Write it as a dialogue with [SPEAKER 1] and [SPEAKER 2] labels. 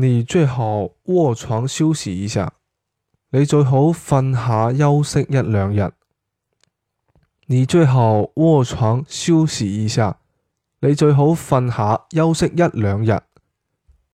[SPEAKER 1] 你最好臥床休息一下，你最好瞓下休息一兩日。你最好臥床休息一下，你最好瞓下休息一兩日。